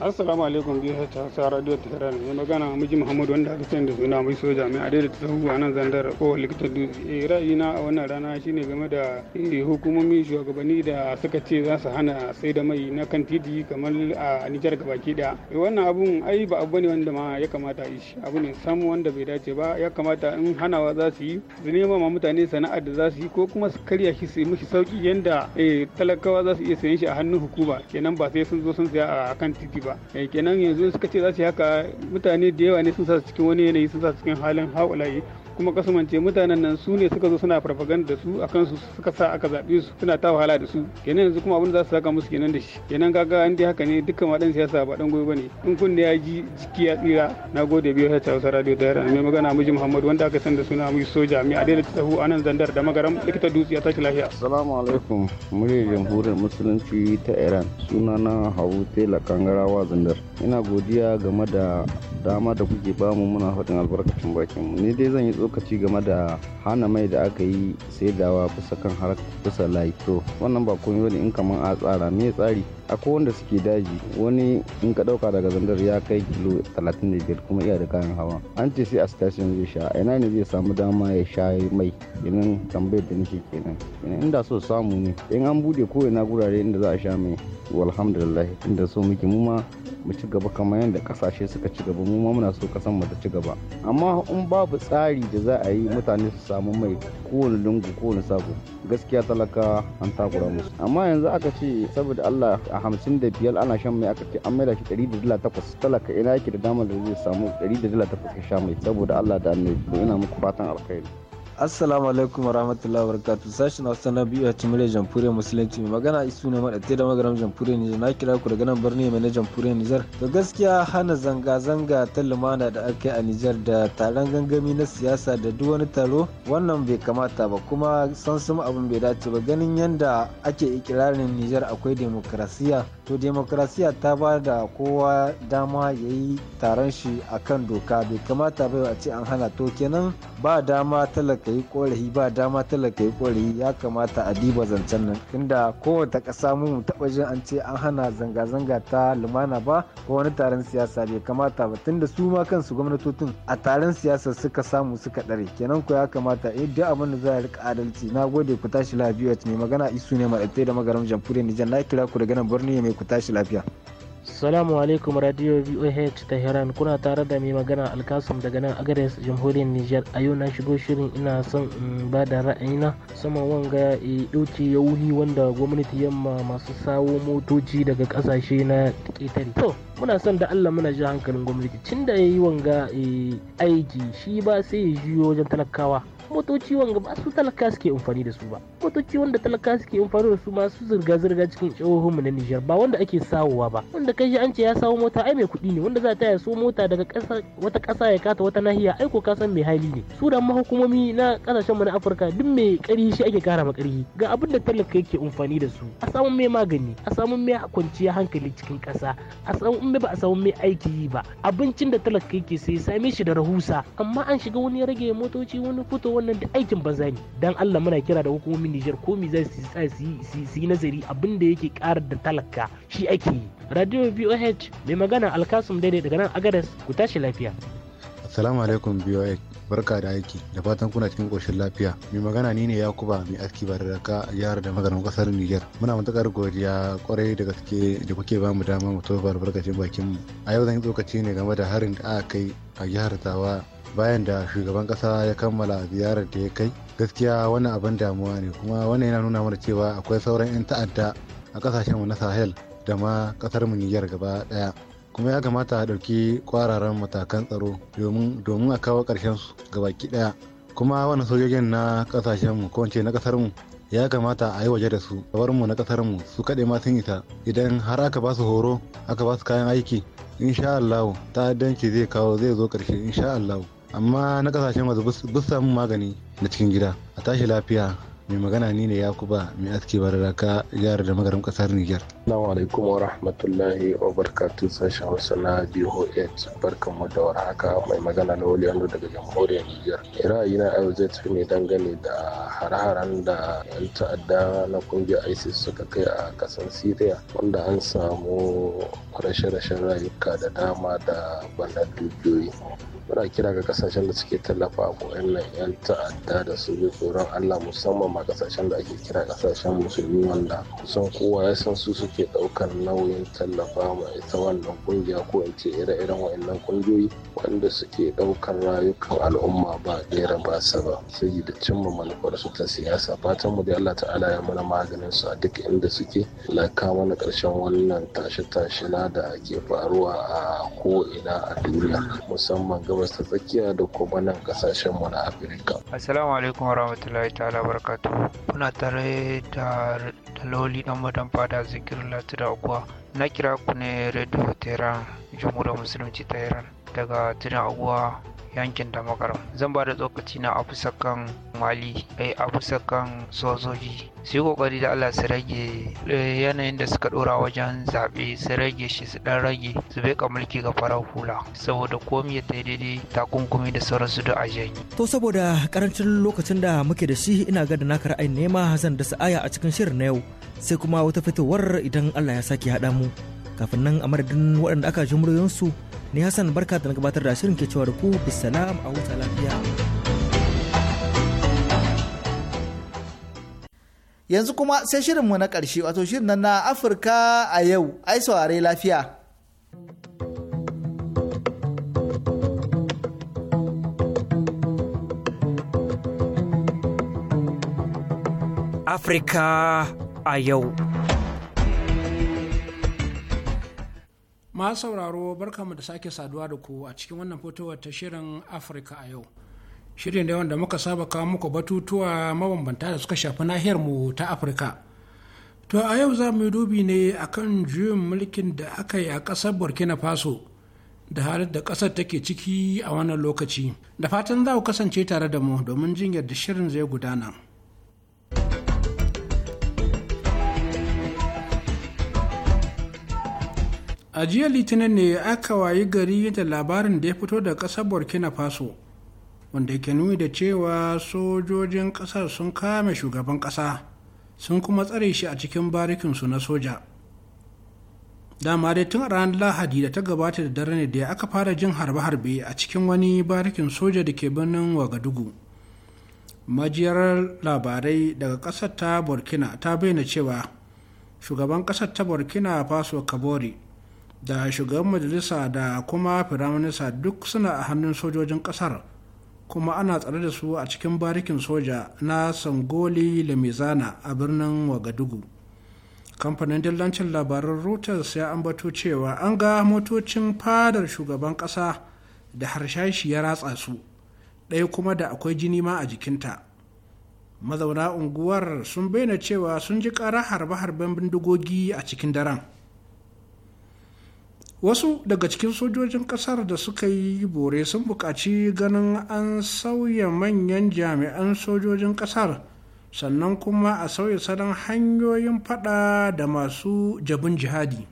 assalamu alaikum biyu ta hausa radio tehran mai magana miji muhammadu wanda aka sani da suna mai soja mai adai da ta a nan zandar ko likita dutse eh, ra'ayina a wannan rana shine game da eh, hukumomi shugabanni da suka ce za su hana sai da mai na kan titi kamar a nijar gabaki daya eh, wannan abun ai ba abu ne wanda ma ya kamata yi shi abu ne samu wanda bai dace ba ya kamata in hanawa za su yi su nema ma mutane sana'ar da za su yi ko kuma su karya shi su mishi sauki yanda talakawa za su iya sayan shi a hannun hukuma kenan ba sai sun zo sun saya a kan titi ba ba eh, kenan yanzu suka ce za su yi haka mutane da yawa ne sun sa cikin wani yanayi sun sa su cikin halin haƙulayi kuma kasumance mutanen nan su ne suka zo suna farfaganda da su a su suka sa aka zaɓe su suna ta wahala da su kenan yanzu kuma abin za su saka musu kenan da shi kenan kaga an dai haka ne dukkan waɗansu ya siyasa ba dan ne in kun ya ji jiki ya tsira na gode biyu ta Hausa Radio ta yara mai magana miji muhammadu wanda aka san da suna miji soja mai ta tsahu anan zandar da magaram likita dutse ya tashi lafiya assalamu alaikum muryar jamhuriyar musulunci ta Iran sunana Habu Tela Kangarawa zandar ina godiya game da dama da kuke bamu muna faɗin albarkacin bakin mu ni dai zan yi lokaci game da hana mai da aka yi saidawa kusa kan har kusa layi wannan ba komai bane in kamar a tsara me tsari akwai wanda suke daji wani in ka dauka daga zandar ya kai kilo 35 kuma iya da kayan hawa an ce sai a station zai sha a ina ne zai samu dama ya sha mai yanin tambayar da nake kenan inda so samu ne in an bude ko gurare inda za a sha mai walhamdulillah inda so muke mu ma mu ci gaba kamar yadda kasashe suka ci gaba mu ma muna so kasan mu ta ci gaba amma in babu tsari da za a yi mutane su samu mai kowane lungu kowane sako gaskiya talaka an takura musu amma yanzu aka ce saboda Allah a hamsin da biyar ana shan mai aka ce an maida shi ɗari da dala takwas talaka ina yake da damar da zai samu ɗari da dala takwas ka sha mai saboda allah da annabi ina muku fatan alkhairi assalamu alaikum warahmatullahi wabarakatuh sashen hausa na biyu a cimire jamhuriyar musulunci mai magana isu ne maɗaɗe da magana jamhuriyar nijar na kira ku daga nan birni mai na jamhuriyar nijar to gaskiya hana zanga-zanga ta lumana da aka yi a nijar da taron gangami na siyasa da duk wani taro wannan bai kamata ba kuma san sun abin bai dace ba ganin yadda ake ikirarin nijar akwai demokrasiya to demokrasiya ta ba da kowa dama ya yi taron shi a kan doka bai kamata bai a ce an hana to kenan ba dama talaka yi korahi ba dama talaka yi korahi ya kamata a diba zancen nan inda kowata ƙasa mu taɓa jin an ce an hana zanga-zanga ta lumana ba ko wani taron siyasa bai kamata ba tunda su ma kansu gwamnatocin a taron siyasa suka samu suka ɗare kenan ko ya kamata eh duk abin da za a rika adalci na gode ku tashi lafiya ne magana isu ne maɗaɗe da magaram jamhuriyar nijar na kira ku daga nan birni mai ku tashi lafiya Salamu alaikum Radio VOH Tehran kuna tare da mai magana Alkasum daga nan agares Jamhuriyar Nijar a yau na shigo shirin ina son in ba da ra'ayina saman wanga e eh, ya yauni wanda gwamnati yamma masu sawo motoci daga kasashe na ƙetare. To muna son da Allah muna ji hankalin gwamnati tun da ya yi wanga eh, aiki shi ba sai ya juyo wajen talakawa. motoci wanga ba su talaka suke amfani da su ba motoci wanda talaka suke amfani da su masu zirga-zirga cikin tsohon mu na Nijar ba wanda ake sawowa ba wanda kai an ce ya sawo mota ai mai kuɗi ne wanda za ta ya so mota daga ƙasa wata ƙasa ya kata wata nahiya aiko ko ka san mai hali ne su da mahukumomi na ƙasashen mu na Afirka duk mai ƙari shi ake kara ma ga abin da talaka yake amfani da su a samu mai magani a samu mai kwanciya hankali cikin ƙasa a samu mai ba a samu mai aiki ba abincin da talaka yake sai same shi da rahusa amma an shiga wani rage motoci wani fito wannan da aikin banza ne dan Allah muna kira da hukumomin Nijar komi zai su yi nazari abin da yake karar da talaka shi ake yi radio VOH mai magana alkasum daidai daga nan agadas ku tashi lafiya Assalamu alaikum voh barka da aiki da fatan kuna cikin koshin lafiya mai magana ni ne yakuba mai aski ba da raka jihar da maganin kasar niger muna matukar godiya kwarai da gaske da kuke ba mu dama mu tofa barkacin bakin mu a yau zan yi tsokaci ne game da harin da aka kai a jihar tawa bayan da shugaban kasa ya kammala ziyarar da ya kai gaskiya wannan abin damuwa ne kuma wannan yana nuna mana cewa akwai sauran 'yan ta'adda a kasashen mu na sahel da ma kasar mu niger gaba daya kuma ya kamata a ɗauki kwararan matakan tsaro domin a kawo ƙarshen su baki daya kuma wannan sojojin na kasashen mu ko na kasar mu ya kamata a yi waje da su kabar mu na kasar mu su kaɗe ma sun isa idan har aka ba su horo aka ba su kayan aiki insha ta'addanci zai kawo zai zo ƙarshe insha amma na kasashen waje bus samun magani na cikin gida a tashi lafiya mai magana ni ne yakuba mai aske bararraka yara da magarin kasar niger assalamu alaikum wa rahmatullahi wa barakatuh sashen hausa na barkan mu da warhaka mai magana na wuliyando daga jamhuriyar niger ra'ayina na yau zai tafi ne dangane da hare-haren da yan ta'adda na kungiyar isis suka kai a kasar syria wanda an samu rashe-rashen rayuka da dama da bana dubiyoyi muna kira ga kasashen da suke tallafa a 'yan ta'adda da su tsoron allah musamman a kasashen da ake kira kasashen musulmi wanda kusan kowa ya san su suke daukar nauyin tallafa ma ita wannan kungiya ko in ce ire-iren wa'annan kungiyoyi wanda suke daukar rayukan al'umma ba gera ba saba da cimma manufar su ta siyasa fatan mu da Allah ta'ala ya mana maganin su a duk inda suke laka mana karshen wannan tashe-tashe na da ke faruwa a ko ina a duniya musamman gabas ta tsakiya da kuma nan kasashen mu na Afirka. Assalamu alaikum warahmatullahi ta'ala barakatuh. kuna tare da daloli dan madan fada zikirin da akwa na kira ku ne radio tehran jamhuriyar musulunci ta iran daga tunan aguwa yankin da makaram zan ba da tsokaci na abu sakan mali eh, abu kan sojoji su yi kokari da Allah su rage eh, yanayin da suka dora wajen zaɓe su rage shi su ɗan rage su bai mulki ga farar hula saboda komi ya tai daidai takunkumi da sauransu da ajiyayi. To saboda karancin lokacin da muke da shi ina ga da naka ra'ayin nema zan da aya a cikin shirin na yau sai kuma wata fitowar idan Allah ya sake haɗa mu kafin nan a madadin waɗanda aka ji muryoyinsu ne Hassan barka da na gabatar da shirin ke cewa da ku bisalam a huta lafiya. yanzu kuma sai shirinmu na ƙarshe wato shirin nan na afirka a yau ai saurare lafiya afirka a yau Ma sauraro barkamu da sake saduwa da ku a cikin wannan fitowar ta shirin afirka a yau shirin da wanda muka saba kawo muku batutuwa mabambanta da suka shafi nahiyar mu ta afirka to a yau za mu yi dubi ne akan juyin mulkin da aka yi a ƙasar burkina faso da halin da ƙasar take ciki a wannan lokaci da fatan za ku kasance tare da mu domin jin yadda shirin zai gudana a jiya litinin ne aka wayi gari da labarin da ya fito da ƙasar burkina faso wanda ke nuni da cewa sojojin ƙasar sun kame shugaban ƙasa sun kuma tsare shi a cikin barikinsu na soja dama dai tun a ranar lahadi da ta gabata da dare ne da aka fara jin harbe-harbe a cikin wani barikin soja da ke birnin wagadugu majiyar labarai daga ƙasar ta burkina ta bayyana cewa shugaban ƙasar ta burkina faso kabori da shugaban majalisa da kuma firaminista duk suna a hannun sojojin ƙasar kuma ana tsare da su a cikin barikin soja na sangoli lamizana a birnin wagadugu kamfanin dillancin labaran reuters ya ambato cewa an ga motocin fadar shugaban kasa da harshashi ya ratsa su ɗaya kuma da akwai jini ma a jikinta mazauna unguwar sun bayyana cewa sun ji ƙara harbe-harben bindigogi a cikin daren wasu daga cikin sojojin kasar da suka yi bore sun buƙaci ganin an sauya manyan jami'an sojojin kasar sannan kuma a sauya salon hanyoyin fada da masu jabin jihadi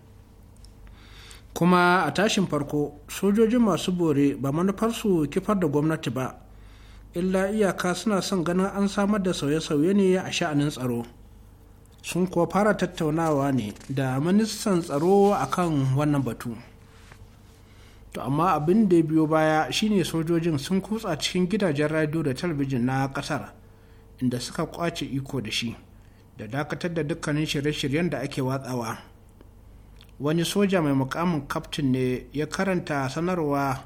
kuma a tashin farko sojojin masu bore ba manufarsu kifar da gwamnati ba illa iyaka suna son ganin an samar da sauye-sauye ne a sha'anin tsaro sun kuwa fara tattaunawa ne da ministan tsaro a kan wannan batu to amma abin da biyo baya shine sojojin sun kutsa cikin gidajen radio da talabijin na kasar inda suka kwace iko da shi da dakatar da dukkanin shirye-shiryen da ake watsawa wani soja mai mukamin kaftin ne ya karanta sanarwa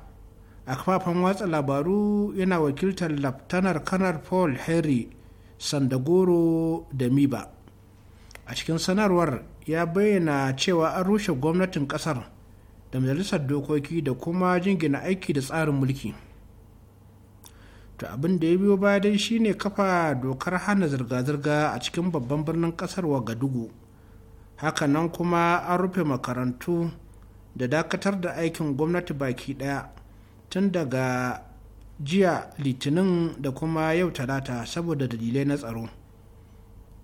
a kafafen watsa labaru yana wakiltar laftanar kanar paul henry sandagoro da miba a cikin sanarwar ya bayyana cewa an rushe gwamnatin kasar da majalisar dokoki da kuma jingina aiki da tsarin mulki to abin da ya biyo baya dai shine kafa dokar hana zirga-zirga a cikin babban birnin kasar wagadugu hakanan kuma an rufe makarantu da dakatar da aikin gwamnati baki daya tun daga jiya litinin da kuma yau talata saboda dalilai na tsaro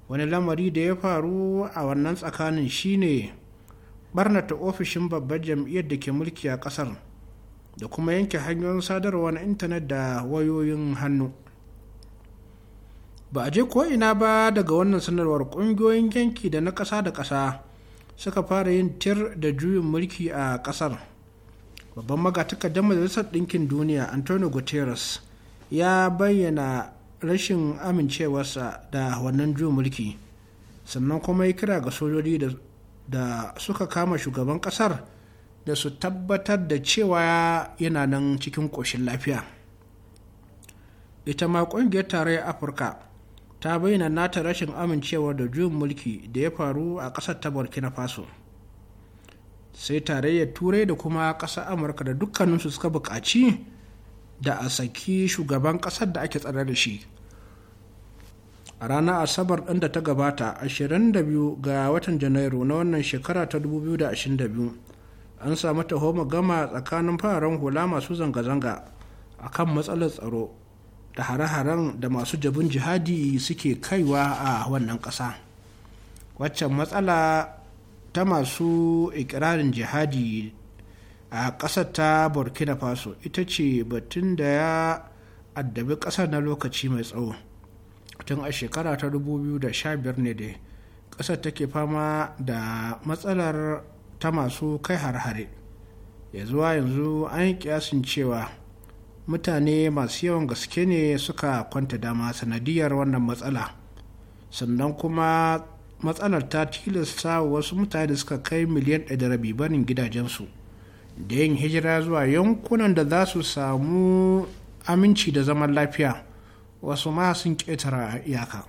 wani lamari da ya faru a wannan tsakanin shine barnata ofishin babbar jam'iyyar da ke mulki a kasar da kuma yanke hanyoyin sadarwa na intanet da wayoyin hannu ba a je ko'ina ba daga wannan sanarwar ƙungiyoyin yanki da na kasa da kasa suka fara yin tir da juyin mulki a kasar babban magatakardar majalisar ɗinkin duniya antonio guterres ya bayyana rashin amincewarsa da wannan juyin mulki sannan kuma ya kira ga sojoji da suka kama shugaban kasar da su tabbatar da cewa yana nan cikin ƙoshin lafiya ita ma ƙungiyar tarayyar afirka ta bayyana nata rashin amincewar da juyin mulki da ya faru a ƙasar ta burkina faso sai tarayyar turai da kuma ƙasar amurka da dukkaninsu suka buƙaci da a saki shugaban ƙasar da ake tsare da shi a ranar asabar ɗin da ta gabata 22 ga watan janairu na wannan shekara ta 2022 an samu tahoma gama tsakanin fararen hula masu zanga-zanga a kan matsalar tsaro da hare-haren da masu jabin jihadi suke kaiwa a wannan ƙasa waccan matsala ta masu ikirarin jihadi a ƙasar ta burkina faso ita ce batun da ya addabi ƙasar na lokaci mai tsawo tun a shekara ta 2015 ne dai ƙasar take fama da matsalar ta masu kai har-hare ya zuwa yanzu an yi kiyasin cewa mutane masu yawan gaske ne suka kwanta dama sanadiyar wannan matsala sannan kuma matsalar ta tilasta wasu mutane suka kai miliyan ɗaya rabi barin gidajensu da yin hijira zuwa yankunan da za su samu aminci da zaman lafiya wasu ma sun ƙetara iyaka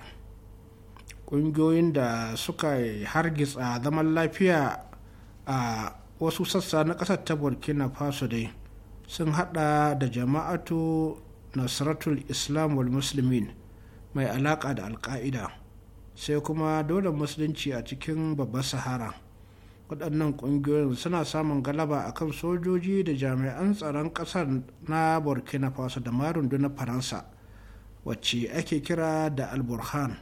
ƙungiyoyin da suka hargitsa zaman lafiya a wasu sassa na ƙasar ta burkina faso dai sun hada da jama'atu nasratul islam wal muslimin mai alaƙa da alƙa'ida sai kuma dole musulunci a cikin babbar sahara waɗannan ƙungiyoyin suna samun galaba a kan sojoji da jami'an tsaron ƙasar na burkina faso da Marundu na faransa wacce ake kira da alburhan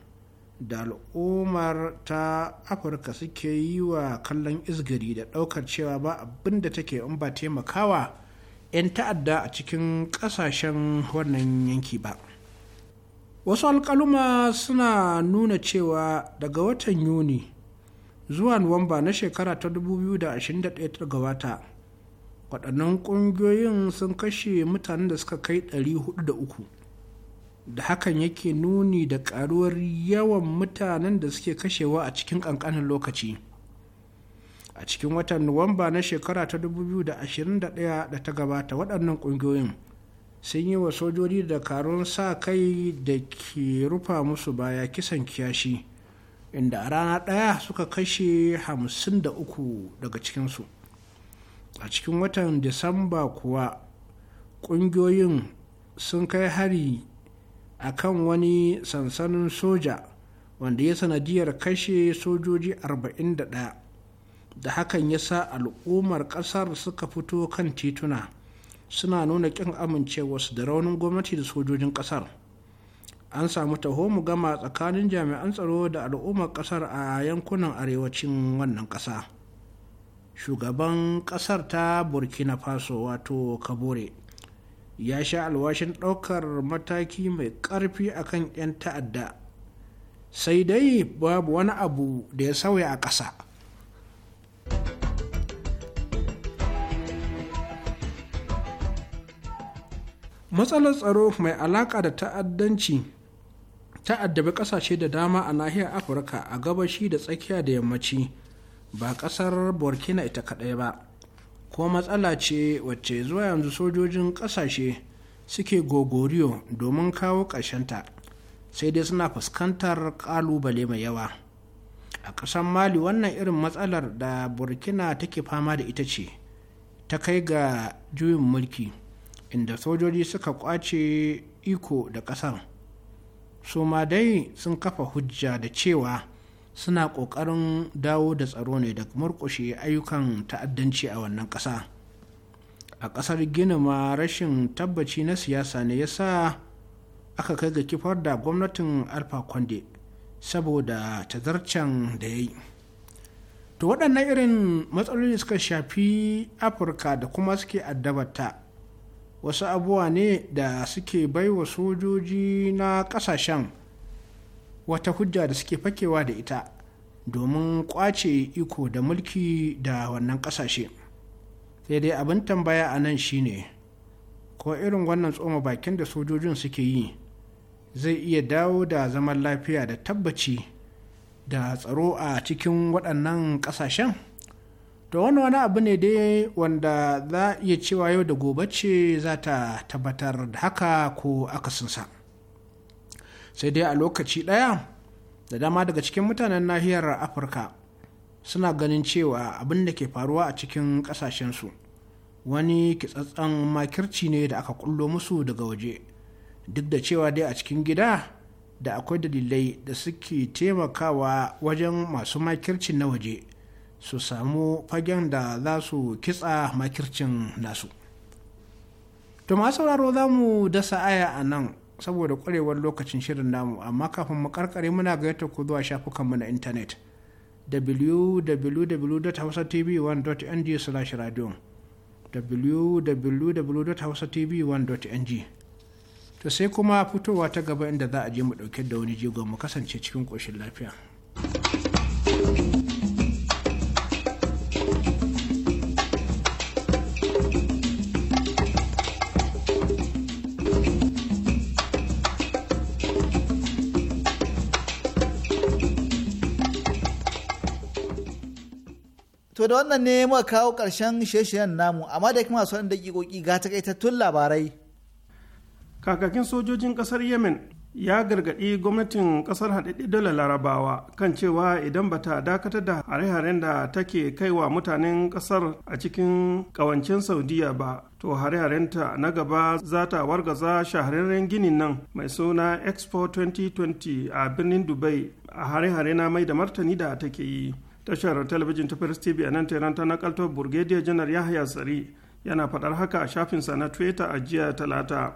da al'ummar ta afirka suke yi wa kallon izgiri da ɗaukar cewa ba abin da take in ba taimakawa 'yan ta'adda a cikin ƙasashen wannan yanki ba wasu alƙaluma suna nuna cewa daga watan yuni zuwa nuwamba na shekara ta 2021 gabata waɗannan ƙungiyoyin sun kashe mutanen da suka kai 403 da hakan yake nuni da ƙaruwar yawan mutanen da suke kashewa a cikin ƙanƙanin lokaci a cikin watan nuwamba na shekara ta 2021 da ta gabata waɗannan ƙungiyoyin sun yi wa sojoji da karun sa kai da ke rufa musu baya kisan kiyashi inda a rana ɗaya suka kashe 53 daga cikinsu a cikin watan disamba kuwa ƙungiyoyin sun kai hari a kan wani sansanin soja wanda ya sanadiyar kashe sojoji 41 da hakan ya sa al'ummar ƙasar suka fito kan tituna suna nuna ƙin amincewarsu da raunin gwamnati da sojojin ƙasar an samu taho mu gama tsakanin jami'an tsaro da al'ummar kasar a yankunan arewacin wannan kasa shugaban kasar ta burkina faso wato kabore ya sha alwashin ɗaukar mataki mai ƙarfi akan 'yan ta'adda sai dai babu wani abu da ya sauya a ƙasa matsalar tsaro mai alaƙa da ta'addanci ta addabi kasashe da dama a nahiyar afirka a gabashi da tsakiya da yammaci ba kasar burkina ita kadai ba ko matsala ce wacce zuwa yanzu sojojin kasashe suke gogoriyo domin kawo ta, sai dai suna fuskantar ƙalubale mai yawa a ƙasar mali wannan irin matsalar da burkina take fama da ita ce ta kai ga juyin mulki inda sojoji suka kwace iko da ƙasar su ma dai sun kafa hujja da cewa suna ƙoƙarin dawo da tsaro ne da murƙushe ayyukan ta'addanci a wannan ƙasa a ƙasar gini ma rashin tabbaci na siyasa ne ya sa aka kai ga kifar da gwamnatin alfa kwande saboda tazarcen da ya yi to waɗannan irin matsaloli suka shafi afirka da kuma suke addabarta wasu abubuwa ne da suke bai wa sojoji na kasashen wata hujja da suke fakewa da ita domin ƙwace iko da mulki da wannan kasashe? sai dai abin tambaya a nan shine ko irin wannan tsoma bakin da sojojin suke yi zai iya dawo da zaman lafiya da tabbaci da tsaro a cikin waɗannan ƙasashen? to wani wani abu ne dai wanda za iya cewa yau da gobe ce za ta tabbatar da haka ko akasinsa sai dai a lokaci ɗaya da dama daga cikin mutanen nahiyar afirka suna ganin cewa abin da ke faruwa a cikin ƙasashensu wani kitsatsan makirci ne da aka kullo musu daga waje duk da cewa dai a cikin gida da akwai dalilai da suke taimakawa wajen masu makircin na waje su samu fagen da za su kitsa makircin nasu to ma sauraro za mu dasa aya a nan saboda kwarewar lokacin shirin namu amma kafin mu karkare muna gayyata ku zuwa shafukanmu na intanet www.hausatv1.ng slash radio www.hausatv1.ng to sai kuma fitowa ta gaba inda za a je mu dauke da wani jigon mu kasance cikin koshin lafiya da wannan ne muka kawo ƙarshen shirye-shiryen namu amma da kuma sauran daƙiƙoƙi ga takaitattun labarai kakakin sojojin ƙasar yemen ya gargaɗi gwamnatin ƙasar haɗaɗɗe dole larabawa kan cewa idan bata dakatar da hare-haren da take kaiwa mutanen ƙasar a cikin ƙawancen saudiya ba to hare haren ta na gaba za ta wargaza shahararren ginin nan mai suna expo 2020 a birnin dubai a hare-hare na mai da martani da take yi tashar talabijin ta first tv a nan tehran ta nakalto burgediya janar yahya tsari yana fadar haka a shafinsa na twitter a jiya talata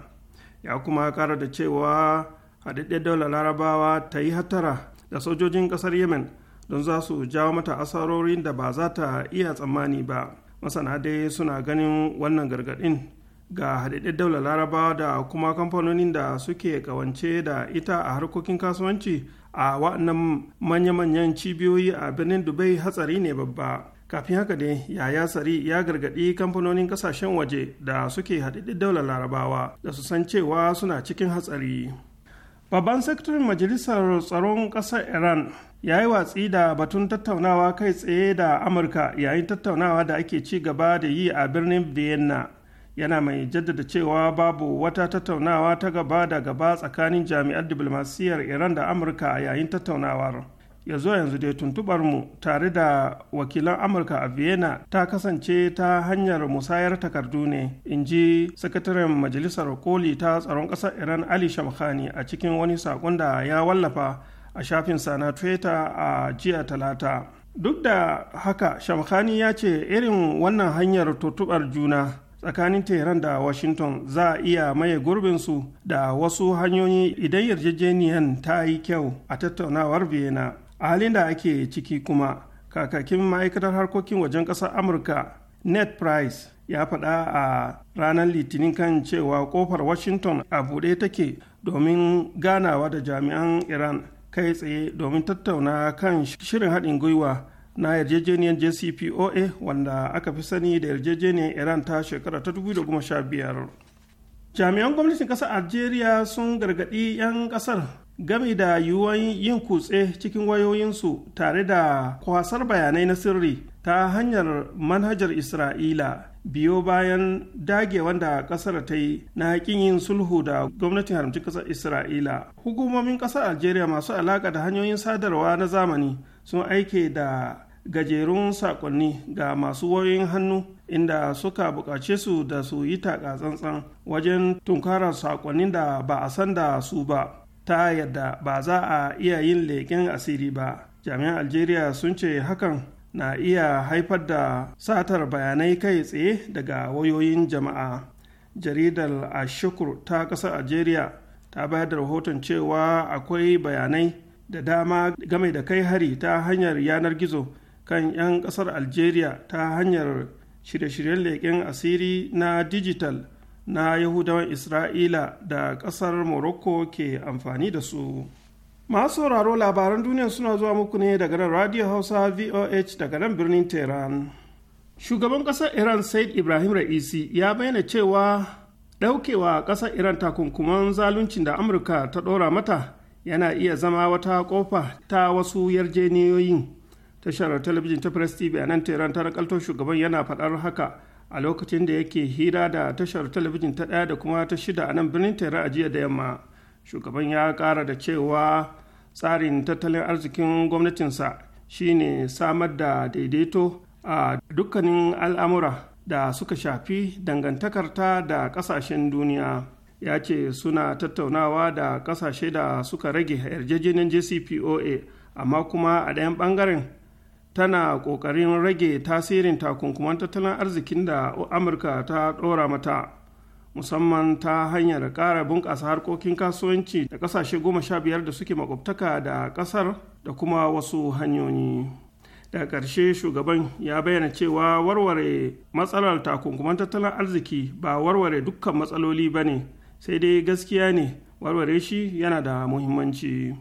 ya kuma kara da cewa haɗaɗɗen daular larabawa ta yi hatara da sojojin ƙasar yemen don za su jawo mata asarorin da ba za ta iya tsammani ba masana dai suna ganin wannan gargaɗin ga haɗaɗɗen daular larabawa da kuma kamfanonin da suke ƙawance da ita a harkokin kasuwanci a waɗannan manya-manyan cibiyoyi a birnin dubai hatsari ne babba kafin haka ne yaya sari ya gargaɗi kamfanonin ƙasashen waje da suke haɗaɗɗen daular larabawa da su san cewa suna cikin hatsari babban sakatarin majalisar tsaron ƙasar iran ya yi watsi da batun tattaunawa kai tsaye da amurka yayin tattaunawa da ake ci gaba da yi a birnin vienna yana mai jaddada cewa babu wata tattaunawa ta gaba da gaba tsakanin jami'ar diplomasiyyar iran da amurka a yayin tattaunawar ya zo yanzu dai tuntubar mu tare da wakilan amurka a vienna ta kasance ta hanyar musayar takardu ne in ji sakataren majalisar koli ta tsaron ƙasar iran ali shamkhani a cikin wani saƙon da ya wallafa a shafinsa na twitter a jiya talata duk da haka shamkhani ya ce irin wannan hanyar tuntubar juna tsakanin teheran da Washington za a iya maye gurbinsu da wasu hanyoyi idan yarjejeniyan ta yi kyau a tattaunawar Vienna. A halin da ake ciki kuma, kakakin ma'aikatar harkokin wajen ƙasar Amurka, net Price, ya faɗa a ranar Litinin kan cewa kofar Washington a buɗe take domin ganawa da jami'an Iran kai tsaye domin tattauna kan shirin haɗin gwiwa na yarjejeniyar jcpoa wanda aka fi sani da yarjejeniyar iran ta shekara ta 2015 jami'an gwamnatin kasar algeria sun gargaɗi 'yan kasar Gami da yiwuwan yin kutse cikin wayoyinsu tare da kwasar bayanai na sirri ta hanyar manhajar isra'ila biyo bayan dage wanda kasar ta yi na hakin yin sulhu da gwamnatin haramci kasar isra'ila hukumomin kasar algeria masu alaƙa da hanyoyin sadarwa na zamani sun aike da gajerun saƙonni ga masu wayoyin hannu inda suka buƙace su da su yi taka tsantsan wajen tunkarar saƙonnin da ba a san da su ba ta yadda ba za a iya yin leƙen asiri ba jami'an algeria sun ce hakan na iya haifar da satar bayanai kai tsaye daga wayoyin jama'a jaridar ashukur ta ƙasar algeria ta bayar da rahoton cewa akwai bayanai da dama game da kai hari ta hanyar yanar gizo kan 'yan kasar algeria ta hanyar shirye-shiryen leƙen asiri na digital na yahudawan isra'ila da kasar morocco ke amfani da su masu sauraro labaran duniya suna zuwa muku ne daga nan radio hausa voh daga nan birnin tehran shugaban ƙasar iran said ibrahim ra'isi ya bayyana cewa ɗaukewa ƙasar iran takunkuman zaluncin da amurka ta dora mata yana iya zama wata kofa ta wasu yarjeniyoyin tashar talabijin ta press tv a nan teran ta rakalto shugaban yana faɗar haka a lokacin da yake hira da tashar talabijin ta ɗaya da kuma ta shida a nan birnin tera a jiya da yamma shugaban ya ƙara da cewa tsarin tattalin arzikin gwamnatinsa shine samar da daidaito a dukkanin al'amura da suka shafi dangantakarta da ƙasashen duniya. ya ce suna tattaunawa da kasashe da suka rage yarjejeniyar jcpoa amma kuma a ɗayan ɓangaren tana ƙoƙarin rage tasirin takunkuman tattalin arzikin da amurka ta ɗora mata musamman ta hanyar ƙara bunƙasa harkokin kasuwanci da ƙasashe goma sha biyar da suke makwabtaka da ƙasar da kuma wasu hanyoyi daga ƙarshe shugaban ya bayyana cewa warware matsalar takunkuman tattalin arziki ba warware dukkan matsaloli ba ne sai dai gaskiya ne warware shi yana da muhimmanci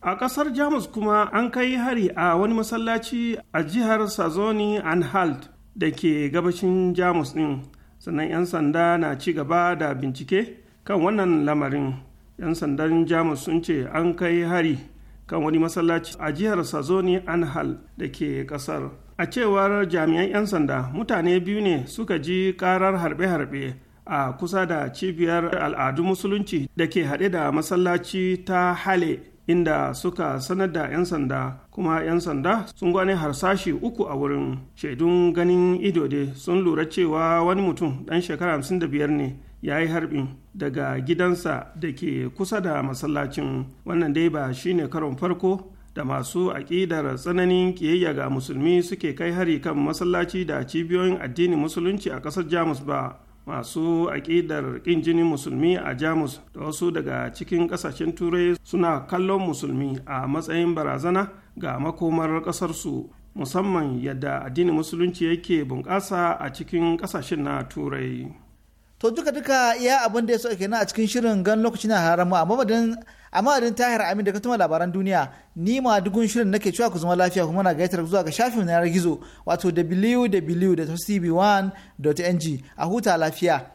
a ƙasar jamus kuma an kai hari a wani masallaci a jihar sazoni anhalt da ke gabashin jamus ɗin sannan 'yan sanda na ci gaba da bincike kan wannan lamarin 'yan sandan jamus sun ce an kai hari kan wani masallaci a jihar sazoni anhal da ke kasar a cewar jami'an 'yan sanda mutane biyu ne suka ji karar harbe-harbe a kusa da cibiyar al'adu musulunci da ke haɗe da masallaci ta hale inda suka sanar da 'yan sanda kuma 'yan sanda sun gwani harsashi uku a wurin shaidun ganin ido sun lura cewa wani mutum ɗan shekara 55 ne ya yi harbin daga gidansa da ke kusa da masallacin wannan dai ba shine karon farko da masu aƙidar tsananin ƙiyayya ga musulmi suke kai hari kan masallaci da cibiyoyin addinin musulunci a ƙasar jamus ba masu aƙidar ƙin jinin musulmi a jamus da wasu daga cikin ƙasashen turai suna kallon musulmi a matsayin barazana ga makomar ƙasarsu musamman yadda addinin musulunci yake bunƙasa a cikin ƙasashen na turai to duka duka iya abin da ya so kenan a cikin shirin gan lokaci na haramu amma madadin amma adin tahir amin da ka tuma labaran duniya ni ma dugun shirin nake cewa ku zama lafiya kuma na gaitar zuwa ga shafin yanar gizo wato www.tv1.ng a huta lafiya